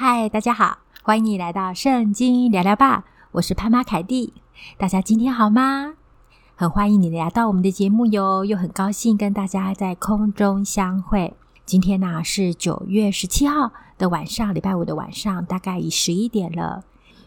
嗨，Hi, 大家好，歡迎你來到聖經聊聊吧，我是潘媽凱蒂。大家今天好嗎？很歡迎你來到我們的節目喲，又很高興跟大家在空中相會。今天呢、啊、是九月十七號的晚上，禮拜五的晚上，大概已十一點了。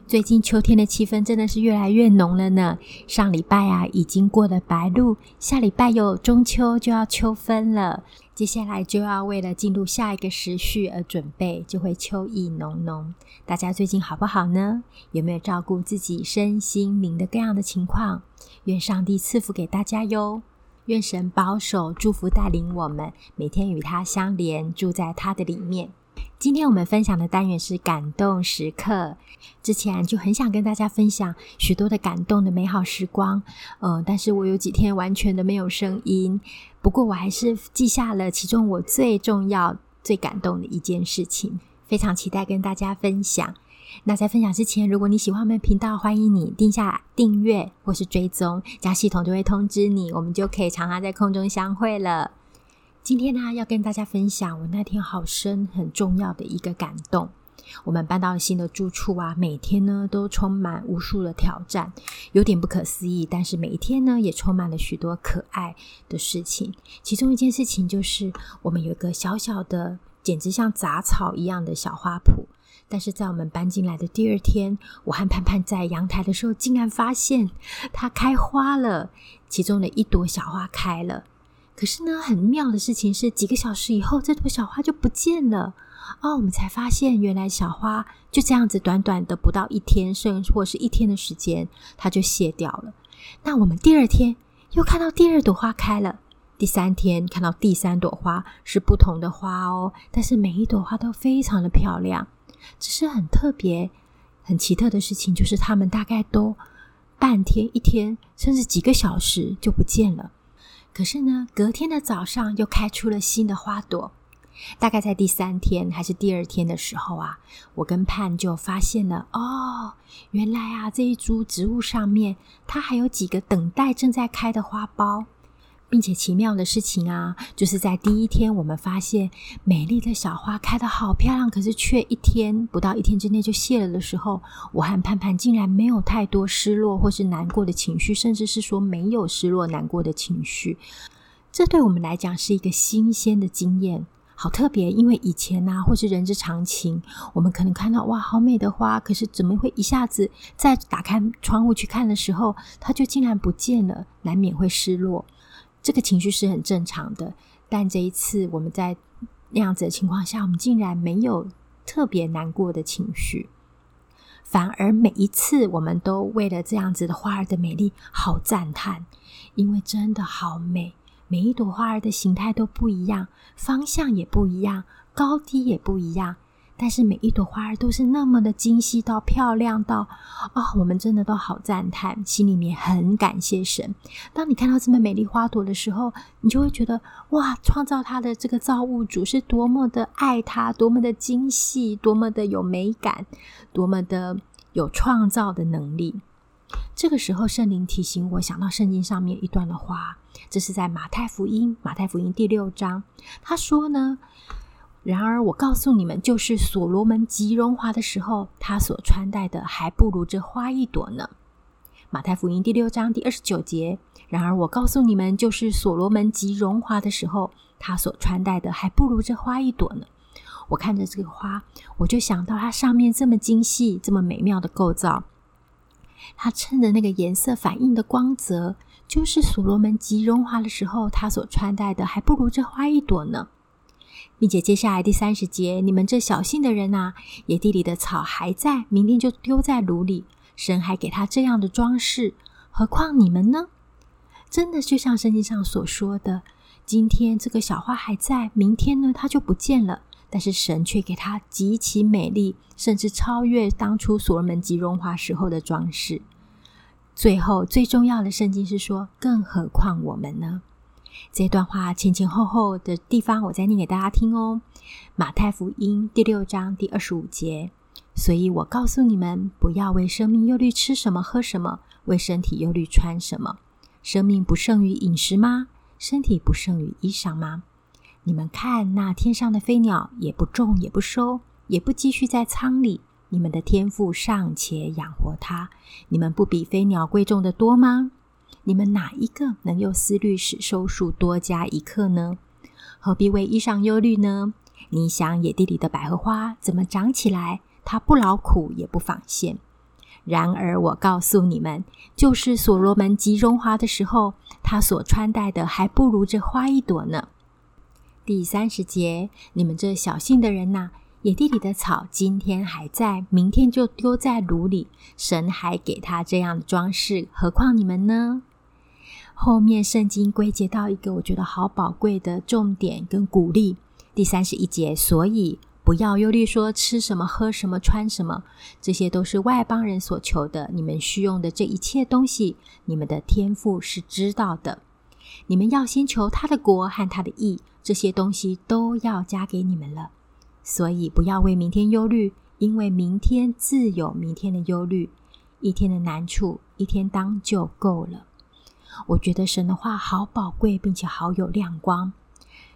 最近秋天的氣氛真的是越來越濃了呢。上禮拜啊，已經過了白露，下禮拜有中秋，就要秋分了。接下來就要為了進入下一個時序而準備，就會秋意濃濃。大家最近好不好呢？有沒有照顧自己身心靈的各樣的情況？願上帝賜福給大家喲，願神保守、祝福、帶領我們，每天與他相連，住在他的裡面。今天我們分享的單元是感動時刻。之前就很想跟大家分享許多的感動的美好時光，呃，但是我有幾天完全的沒有聲音。不過我還是記下了其中我最重要、最感動的一件事情，非常期待跟大家分享。那在分享之前，如果你喜歡我們的頻道，歡迎你定下訂閱或是追蹤，這樣系統就會通知你，我們就可以常常在空中相會了。今天呢，要跟大家分享我那天好生很重要的一個感動。我們搬到了新的住處啊，每天呢都充滿無數的挑戰，有點不可思議。但是每一天呢，也充滿了許多可愛的事情。其中一件事情就是，我們有一個小小的，簡直像雜草一樣的小花圃。但是在我們搬進來的第二天，我和盼盼在陽台的時候，竟然發現它開花了，其中的一朵小花開了。可是呢，很妙的事情是，幾個小時以後，這朵小花就不見了哦。我們才發現，原來小花就這樣子，短短的不到一天，甚或是一天的時間，它就謝掉了。那我們第二天又看到第二朵花開了，第三天看到第三朵花是不同的花哦，但是每一朵花都非常的漂亮。只是很特別、很奇特的事情，就是它們大概都半天、一天，甚至幾個小時就不見了。可是呢，隔天的早上又開出了新的花朵。大概在第三天還是第二天的時候啊，我跟盼就發現了哦，原來啊這一株植物上面，它還有幾個等待正在開的花苞。並且奇妙的事情啊，就是在第一天，我們發現美麗的小花開得好漂亮，可是卻一天不到一天之內就謝了的時候，我和盼盼竟然沒有太多失落或是難過的情緒，甚至是說沒有失落難過的情緒，這對我們來講是一個新鮮的經驗，好特別。因為以前啊，或是人之常情，我們可能看到哇，好美的花，可是怎麼會一下子再打開窗戶去看的時候，它就竟然不見了，難免會失落。這個情緒是很正常的，但這一次我們在那樣子的情況下，我們竟然沒有特別難過的情緒，反而每一次我們都為了這樣子的花兒的美麗好讚嘆，因為真的好美，每一朵花兒的形態都不一樣，方向也不一樣，高低也不一樣。但是每一朵花兒都是那麼的精細到漂亮到啊、哦，我們真的都好讚嘆，心裡面很感謝神。當你看到這麼美麗花朵的時候，你就會覺得哇，創造它的這個造物主是多麼的愛他，多麼的精細，多麼的有美感，多麼的有創造的能力。這個時候，聖靈提醒我想到聖經上面一段的話，這是在馬太福音馬太福音第六章，他說呢，然而我告訴你們，就是所羅門極榮華的時候，他所穿戴的還不如這花一朵呢。馬太福音第六章第二十九節。然而我告訴你們，就是所羅門極榮華的時候，他所穿戴的還不如這花一朵呢。我看着這個花，我就想到它上面這麼精細、這麼美妙的構造，它襯的那個顏色反應的光澤，就是所羅門極榮華的時候，他所穿戴的還不如這花一朵呢。並且接下來第三十節，你們這小信的人吶、啊，野地裡的草還在，明天就丟在爐裡。神還給他這樣的裝飾，何況你們呢？真的就像聖經上所說的，今天這個小花還在，明天呢，它就不見了。但是神卻給他極其美麗，甚至超越當初所羅門極榮華時候的裝飾。最後最重要的，聖經是說，更何況我們呢？這段話前前後後的地方，我再念給大家聽哦，《馬太福音》第六章第二十五節。所以我告訴你們，不要為生命憂慮吃什麼，喝什麼；為身體憂慮穿什麼。生命不勝於飲食嗎？身體不勝於衣裳嗎？你們看，那天上的飛鳥，也不種，也不收，也不積蓄在倉裡，你們的天父尚且養活它，你們不比飛鳥貴重的多嗎？你們哪一個能用思慮使壽數多加一刻呢？何必為衣裳憂慮呢？你想野地裡的百合花怎麼長起來？它不勞苦也不紡線。然而我告訴你們，就是所羅門極榮華的時候，他所穿戴的還不如這花一朵呢。第三十節，你們這小信的人吶、啊，野地裡的草今天還在，明天就丟在爐裡；神還給他這樣的裝飾，何況你們呢？後面聖經歸結到一個我覺得好寶貴的重點跟鼓勵，第三十一節，所以不要憂慮，說吃什麼、喝什麼、穿什麼，這些都是外邦人所求的。你們需用的這一切東西，你們的天父是知道的。你們要先求他的國和他的義，這些東西都要加給你們了。所以不要為明天憂慮，因為明天自有明天的憂慮，一天的難處一天當就夠了。我覺得神的話好寶貴，並且好有亮光。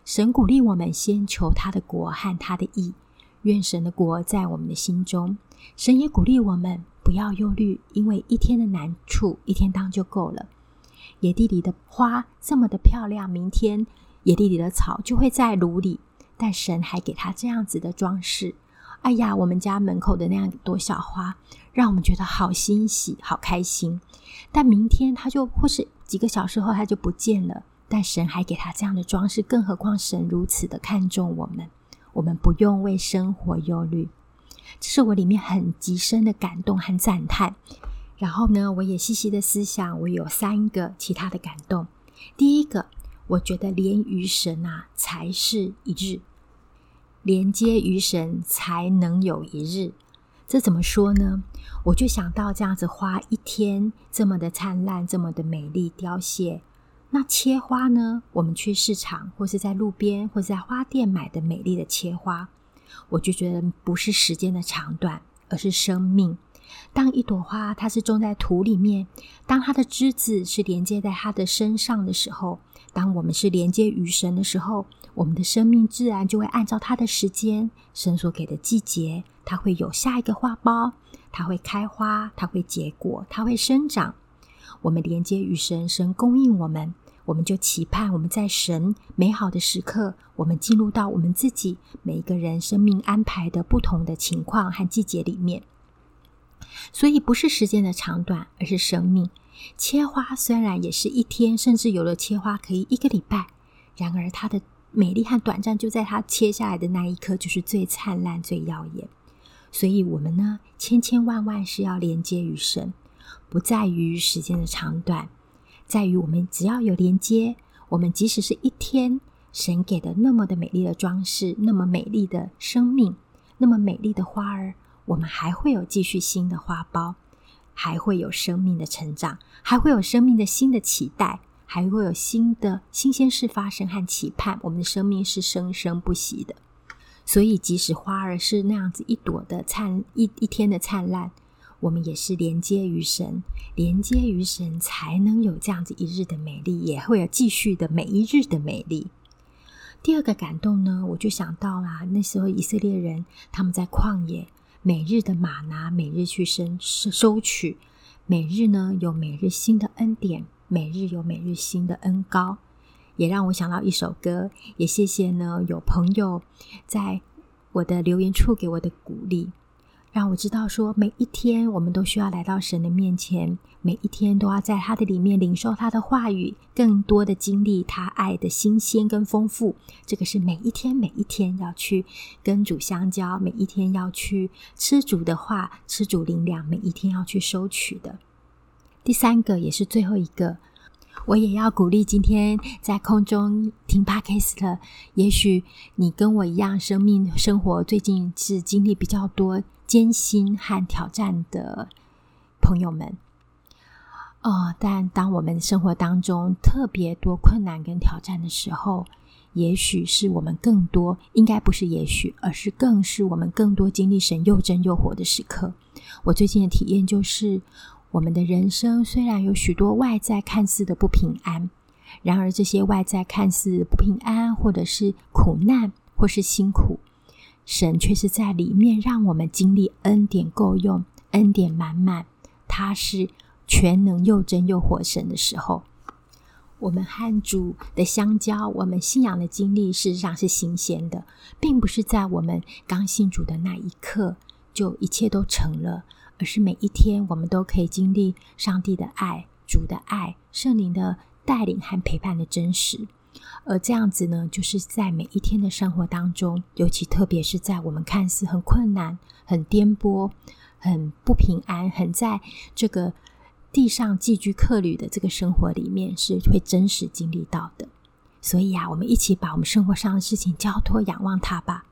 神鼓勵我們先求他的國和他的義，願神的國在我們的心中。神也鼓勵我們不要憂慮，因為一天的難處一天當就夠了。野地裡的花這麼的漂亮，明天野地裡的草就會在爐裡。但神還給它這樣子的裝飾。哎呀，我們家門口的那樣一朵小花，讓我們覺得好欣喜、好開心。但明天它就或是。幾個小時後，他就不見了。但神還給他這樣的裝飾，更何況神如此的看重我們，我們不用為生活憂慮。這是我裡面很極深的感動和讚嘆。然後呢，我也細細的思想，我有三個其他的感動。第一個，我覺得連於神啊，才是一日；連接於神，才能有一日。這怎麼說呢？我就想到這樣子花一天這麼的燦爛，這麼的美麗凋謝。那切花呢？我們去市場或是在路邊或是在花店買的美麗的切花，我就覺得不是時間的長短，而是生命。當一朵花它是種在土裡面，當它的枝子是連接在它的身上的時候，當我們是連接於神的時候，我們的生命自然就會按照它的時間，神所給的季節。它會有下一個花苞，它會開花，它會結果，它會生長。我們連接與神，神供應我們，我們就期盼我們在神美好的時刻，我們進入到我們自己每一個人生命安排的不同的情況和季節裡面。所以不是時間的長短，而是生命。切花雖然也是一天，甚至有的切花可以一個禮拜，然而它的美麗和短暫就在它切下來的那一刻，就是最燦爛、最耀眼。所以，我們呢，千千萬萬是要連接於神，不在於時間的長短，在於我們只要有連接，我們即使是一天，神給的那麼的美麗的裝飾，那麼美麗的生命，那麼美麗的花兒，我們還會有繼續新的花苞，還會有生命的成長，還會有生命的新的期待，還會有新的新鮮事發生和期盼，我們的生命是生生不息的。所以，即使花兒是那樣子一朵的燦一一天的燦爛，我們也是連接於神，連接於神，才能有這樣子一日的美麗，也會有繼續的每一日的美麗。第二個感動呢，我就想到啊，那時候以色列人他們在曠野，每日的馬拿每日去生收取，每日呢有每日新的恩典，每日有每日新的恩膏。也讓我想到一首歌，也謝謝呢有朋友在我的留言處給我的鼓勵，讓我知道說每一天我們都需要來到神的面前，每一天都要在他的裡面領受他的話語，更多的經歷他愛的新鮮跟豐富。這個是每一天每一天要去跟主相交，每一天要去吃主的話，吃主靈糧，每一天要去收取的。第三個也是最後一個。我也要鼓勵今天在空中聽 podcast 的，也許你跟我一樣，生命生活最近是經歷比較多艱辛和挑戰的朋友們。哦，但當我們生活當中特別多困難跟挑戰的時候，也許是我們更多，應該不是也許，而是更是我們更多經歷神又真又活的時刻。我最近的體驗就是。我們的人生雖然有許多外在看似的不平安，然而這些外在看似不平安，或者是苦難，或是辛苦，神卻是在裡面讓我們經歷恩典夠用，恩典滿滿。他是全能又真又活神的時候，我們和主的相交，我們信仰的經歷，事實上是新鮮的，並不是在我們剛信主的那一刻就一切都成了。而是每一天，我們都可以經歷上帝的愛、主的愛、聖靈的帶領和陪伴的真實。而這樣子呢，就是在每一天的生活當中，尤其特別是在我們看似很困難、很顛簸、很不平安、很在這個地上寄居客旅的這個生活裡面，是會真實經歷到的。所以啊，我們一起把我們生活上的事情交托仰望他吧，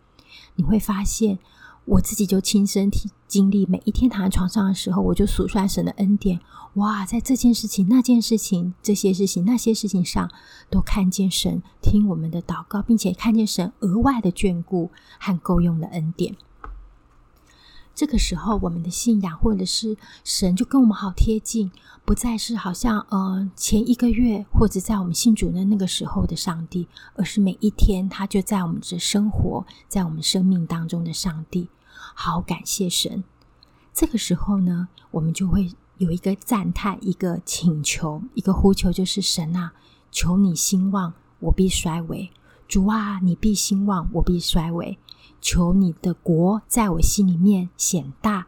你會發現。我自己就親身經歷，每一天躺在床上的時候，我就數算神的恩典。哇，在這件事情、那件事情、這些事情、那些事情上，都看見神聽我們的禱告，並且看見神額外的眷顧和夠用的恩典。這個時候，我們的信仰或者是神就跟我們好貼近，不再是好像呃前一個月或者在我們信主的那個時候的上帝，而是每一天他就在我們的生活在我們生命當中的上帝。好感謝神！這個時候呢，我們就會有一個讚嘆、一個請求、一個呼求，就是神啊，求你興旺，我必衰微；主啊，你必興旺，我必衰微。求你的國在我心裡面顯大，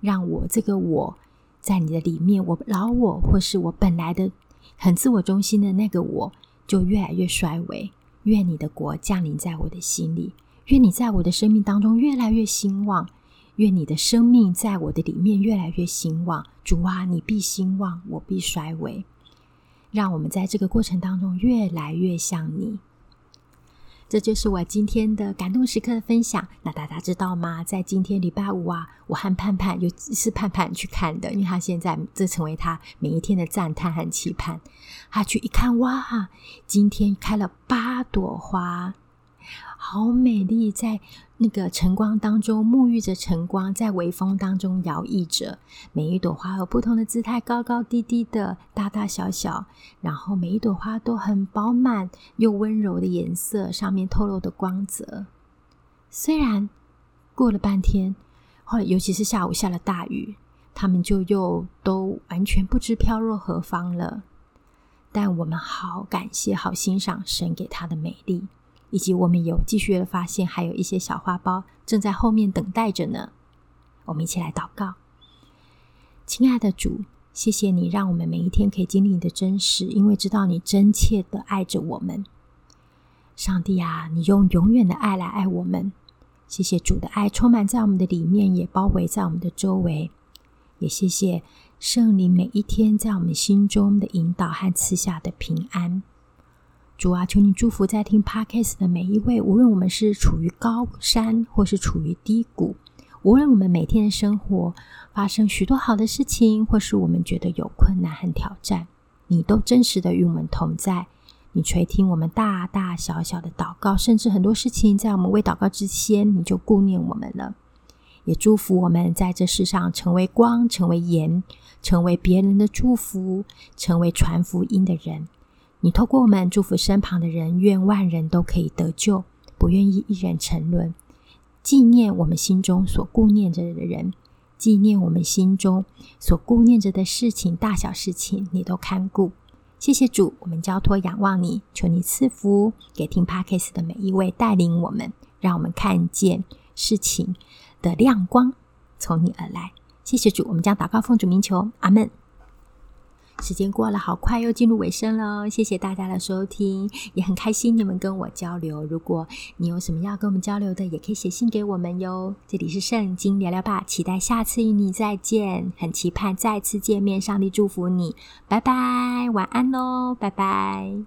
讓我這個我在你的裡面，我老我或是我本來的很自我中心的那個我就越來越衰微。願你的國降臨在我的心裡，願你在我的生命當中越來越興旺，願你的生命在我的裡面越來越興旺。主啊，你必興旺，我必衰微。讓我們在這個過程當中越來越像你。這就是我今天的感動時刻的分享。那大家知道嗎？在今天禮拜五啊，我和盼盼，尤其是盼盼去看的，因為他現在這成為他每一天的讚嘆和期盼。他去一看，哇，今天開了八朵花。好美麗，在那個晨光當中沐浴着晨光，在微風當中搖曳着。每一朵花有不同的姿態，高高低低的，大大小小。然後每一朵花都很飽滿又溫柔的顏色，上面透露的光澤。雖然過了半天，或尤其是下午下了大雨，它們就又都完全不知飄落何方了。但我們好感謝，好欣賞神給它的美麗。以及我們有繼續的發現，還有一些小花苞正在後面等待着呢。我們一起來禱告。親愛的主，謝謝你讓我們每一天可以經歷你的真實，因為知道你真切的愛着我們。上帝啊，你用永遠的愛來愛我們。謝謝主的愛充滿在我們的裡面，也包圍在我們的周圍。也謝謝聖靈每一天在我們心中的引導和賜下的平安。主啊，求你祝福在聽 Podcast 的每一位。無論我們是處於高山，或是處於低谷；無論我們每天的生活發生許多好的事情，或是我們覺得有困難和挑戰，你都真實的與我們同在。你垂聽我們大大小小的禱告，甚至很多事情在我們未禱告之前，你就顧念我們了。也祝福我們在這世上成為光，成為鹽，成為別人的祝福，成為傳福音的人。你透過我們祝福身旁的人，願萬人都可以得救，不願意一人沉淪。紀念我們心中所顧念着的人，紀念我們心中所顧念着的事情，大小事情你都看顧。謝謝主，我們交托仰望你，求你賜福給聽 Podcast 的每一位，帶領我們，讓我們看見事情的亮光從你而來。謝謝主，我們將禱告奉主名求，阿門。時間過了好快，又進入尾聲了。謝謝大家的收聽，也很開心你們跟我交流。如果你有什麼要跟我們交流的，也可以寫信給我們喲。這裡是聖經聊聊吧，期待下次與你再見，很期盼再次見面。上帝祝福你，拜拜，晚安嘍，拜拜。